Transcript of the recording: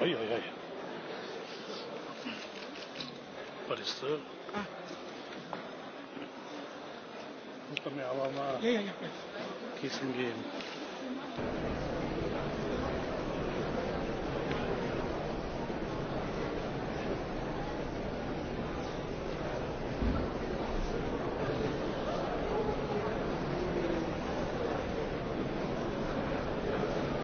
Oi, oi, oi. Wat is er? Ah. Moet er mij allemaal ja, ja, ja. kiezen geven.